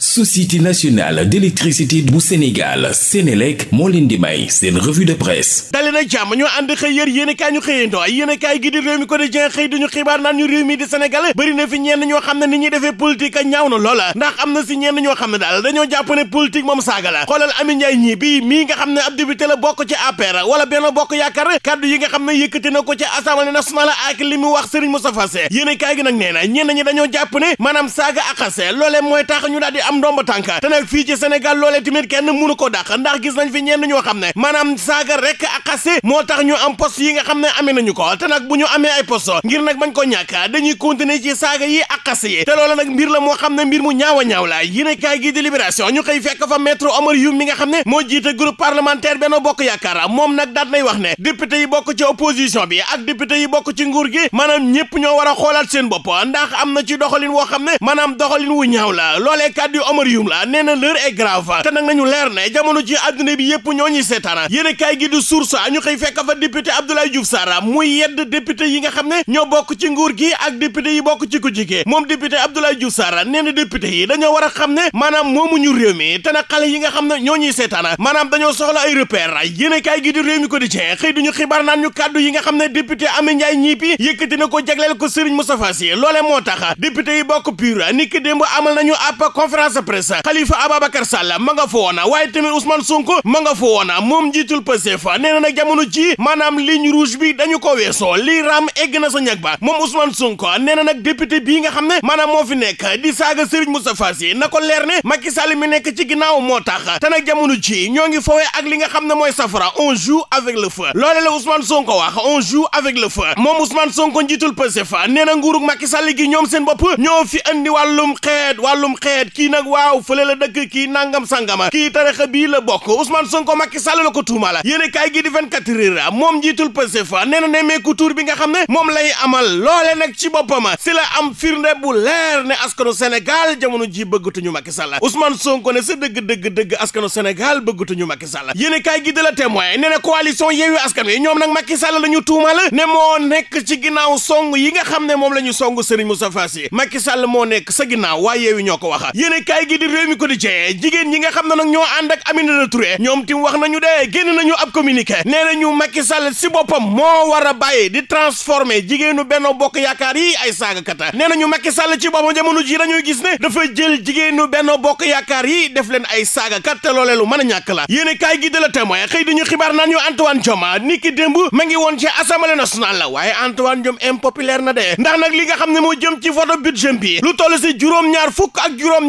société nationale d'électricité bu Sénégal Sénélec moo leen di may seen revue de presse dali jàmm ñu ànd xëy yér yéen ñu xëyandoo yéen i gi di réew mi quotidien xëy duñu xibaar naan ñu réew mi di Sénégal bëri fi ñenn ñoo xam ne daal dañoo jàpp ne moom saaga la xoolal Ami Ndiaye ñii bii mii nga xam ne ab député la bokk ci APR wala Benno Bokk Yaakaar kaddu yi nga xam ne yëkkati ko ci assemblée nationale ak li mu am ndomba tànk te nag fii ci Sénégal loolee tamit kenn mënu ko dàq ndax gis nañ fi ñenn ñoo xam ne maanaam saaga rek ak xase moo tax ñu am poste yi nga xam ne amee nañu ko te nag bu ñu amee ay poste ngir nag bañ ko ñàkk dañuy continuer ci saaga yi ak xase yi te loolu nag mbir la moo xam ne mbir mu ñaaw a ñaaw la yéen kaay gi di libération ñu xëy fekk fa maître Omar Youm mi nga xam ne moo jiite groupe parlementaire Benno Bokk Yaakaar moom nag daat nay wax ne député yi bokk ci opposition bi ak député yi bokk ci nguur gi maanaam ñëpp ñoo war a xoolaat seen bopp ndax am na ci doxalin woo xam ne maanaam doxalin wu ñaaw di Omar Youm la nee na l'heure est grave te nag nañu leer ne jamono ji àdduna bi yëpp ñoo ñuy seetaan yéen gi di source ñu xëy fekk fa député Abdoulaye Diouf Sarr muy yedd député yi nga xam ne ñoo bokk ci nguur gi ak député yi bokk ci ku jigee moom député Abdoulaye Diouf Sarr nee na député yi dañoo war a xam ne maanaam moomuñu réew mi te nag xale yi nga xam ne ñoo ñuy seetaan maanaam dañoo soxla ay repère yéen kaay gi di réew mi ko di cee xëy ne député Amy ko jagleel ko Serigne Moustapha Sy loole conférence presse Khalifa Ababacar Sall ma nga fa woona waaye tamit Ousmane Sonko ma nga fa woona moom njiitul Pastef nee na nag jamono ji maanaam ligne rouge bi dañu ko weesoo lii raam egg na sa ñag ba moom Ousmane Sonko nee na nag bii nga xam ne maanaam moo fi nekk di saaga Serigne Moustapha Sy na ko leer ne Macky Sall mi nekk ci ginnaaw moo tax te nag jamono ji ñoo ngi fowee ak li nga xam ne mooy safara on joue avec le feu loole la Ousmane Sonko wax on nag waaw fële la dëkk kii nangam sangama kii tarixa bii la bokk Ousmane Sonko Macky Sall la ko tuumaala yéene kaay gi di 24 heures moom njiitul Pastef nee na nemmeeku tur bi nga xam ne moom lay amal loole nag ci boppam si la am firnde bu leer ne askanu jii jamono ji bëggatuñu Macky Sall Ousmane Sonko ne sa dëgg dëgg dëgg askanu Sénégal bëggatuñu Macky Sall yéene kaay gi de la témoin nee na coalition Yewwi Askan Wi ñoom nag Macky Sall la ñu tuumaala ne moo nekk ci ginnaaw song yi nga xam ne moom la ñu song Serigne Moustapha Sy Macky Sall moo nekk sa ginnaaw waaye kaay gi di réew mi quotidien jigéen ñi nga xam ne nag ñoo ànd ak Aminata Touré ñoom tim wax nañu de génn nañu ab communiqué nee nañu Macky Sall si boppam moo war a bàyyi di transformer jigéenu Benno Bokk Yaakaar yi ay saagakata nee nañu Macky Sall ci boppam jamono ji dañuy gis ne dafa jël jigéenu Benno Bokk Yaakaar yi def leen ay saagakat te loolee lu man a ñàkk la yéen kaay gi de la témoin xëy dañu xibaar naan ñu Antoine Diome niki démb ma ngi woon ci assemblée nationale la waaye Antoine Diome impopulaire na de ndax nag li nga xam ne moo jëm ci vote budget bi lu toll si ñaar fukk ak juróom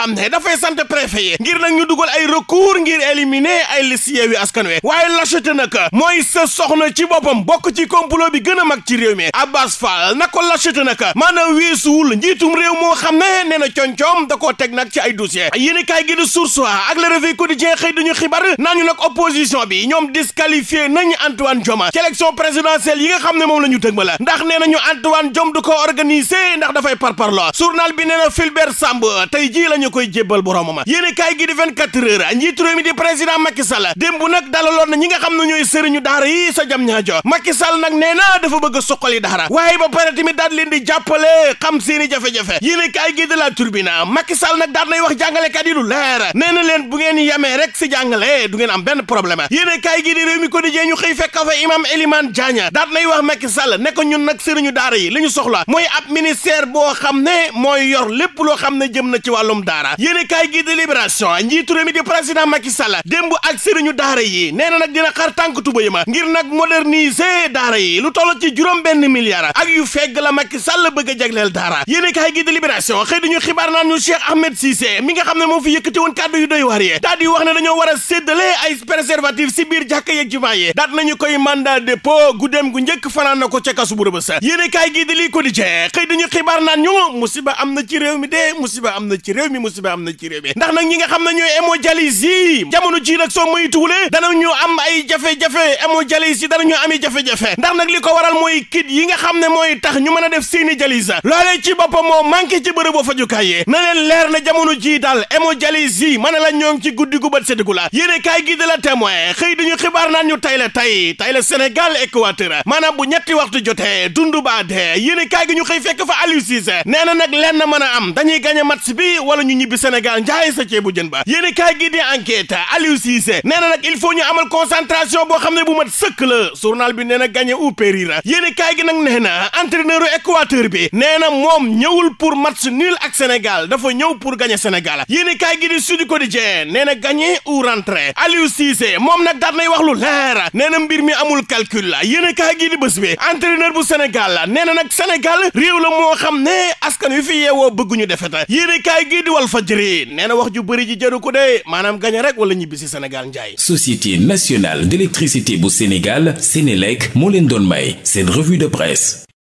xam ne dafay sant préfet yi ngir nag ñu dugal ay recours ngir éliminer ay liste Yewwi Askan Wi waaye lâcheté nag mooy sa soxna ci boppam bokk ci complot bi gën mag ci réew mi Abbas Fall na ko lâcheté nag maanaam weesuwul njiitum réew moo xam ne nee na coñcoom da koo teg nag ci ay dossier yéen kaay gi di Source A ak Le Réveil Quotidien xëy duñu xibaar naa ñu nag bi ñoom disqualifié yi nga xam ne moom la ñu dëgma la ndax nee nañu Antoine Diome du ko organiser ndax dafay parparloo journal bi nee na Fulbert la koy jébbal boromam yéene kaay gi di 24 heures njiitu réew mi di président Macky Sall démb nag dalaloon na ñi nga xam ne ñooy sëriñu daara yi sa jam ñaajo Macky nag nee na dafa bëgg a suqali daara waaye ba pare tamit daal leen di jàppale xam seeni jafe-jafe yéene kaay gi de la turbine nag daal nay wax jàngalekat yi lu leer nee na leen bu ngeen yamee rek si jàngale du ngeen am benn problème yéene kaay gi di réew mi quotidien ñu xëy fekk fa imam Elimane Diagne daal nay wax Macky Sall ne ko ñun nag sëriñu daara yi li xam ne mooy yor lépp loo xam ne jëm na ci wàllum daara daara yéene kaay gi de libération njiitu réew mi di président Macky Sall démb ak sëriñu daara yi nee na nag dina xar tànk ma ngir nag moderniser daara yi lu toll ci juróom benn milliard ak yu fegg la Macky Sall bëgg a jagleel daara yéene kaay gi de libération xëy dañu xibaar naan ñu Cheikh Ahmed Cissé mi nga xam ne moo fi yëkkati woon kàddu yu doy waar yi daal wax ne dañoo war a séddale ay préservatif si biir jàkka yeeg jumaa yi na ko ca kasu bu rëbës yéene kaay ko di xëy dañu xibaar naan ñu musiba am na ci réew mi de musiba am na ci réew musiba am na ci réew mi ndax nag ñi nga xam ne ñooy hémodialyse yi jamono ji nag soo muy tuule danañu am ay jafe-jafe hémodialyse yi danañu am ay jafe-jafe ndax nag li ko waral mooy kit yi nga xam ne mooy tax ñu mën a def seeni dialyse loolee ci boppam moo manqué ci bërëbu fajukaay yi na leen leer na jamono ji daal hémodialyse yi mën la ñoo ngi ci guddi gu bët séddigu la yéene kaay gi de la témoin xëy dañu xibaar naan ñu tay la tay tay la Sénégal Équateur maanaam bu ñetti waxtu jotee dund baa dee yéene kaay gi ñu fekk fa nee na nag lenn am ñibbi Sénégal njaay sa ceebu ba yéen i kaay gi nee na nag il faut ñu amal boo xam ne bu mat sëkk la journal bi nee na gagné ou périr yéen gi nag nee na entraîneur Équateur bi nee na moom ñëwul pour match nul ak senegal dafa ñëw pour gagné Sénégal yéen i kaay gi di Sud nee na gagné ou rentré Aliou Cissé moom nag daat nay wax lu leer nee na mbir mi amul calcul la yéen i gi di bés bi entraîneur bu senegal la nee na nag Sénégal réew la moo xam ne askan wi fi yeewoo bëgguñu defeta yéen i kaay wal Walfadjri nee na wax ju bëri ji jëru ko de maanaam gañe rek wala ñibbi si Sénégal njaay Société nationale d'électricité bu Sénégal Sénélec moo leen doon may seen revue de presse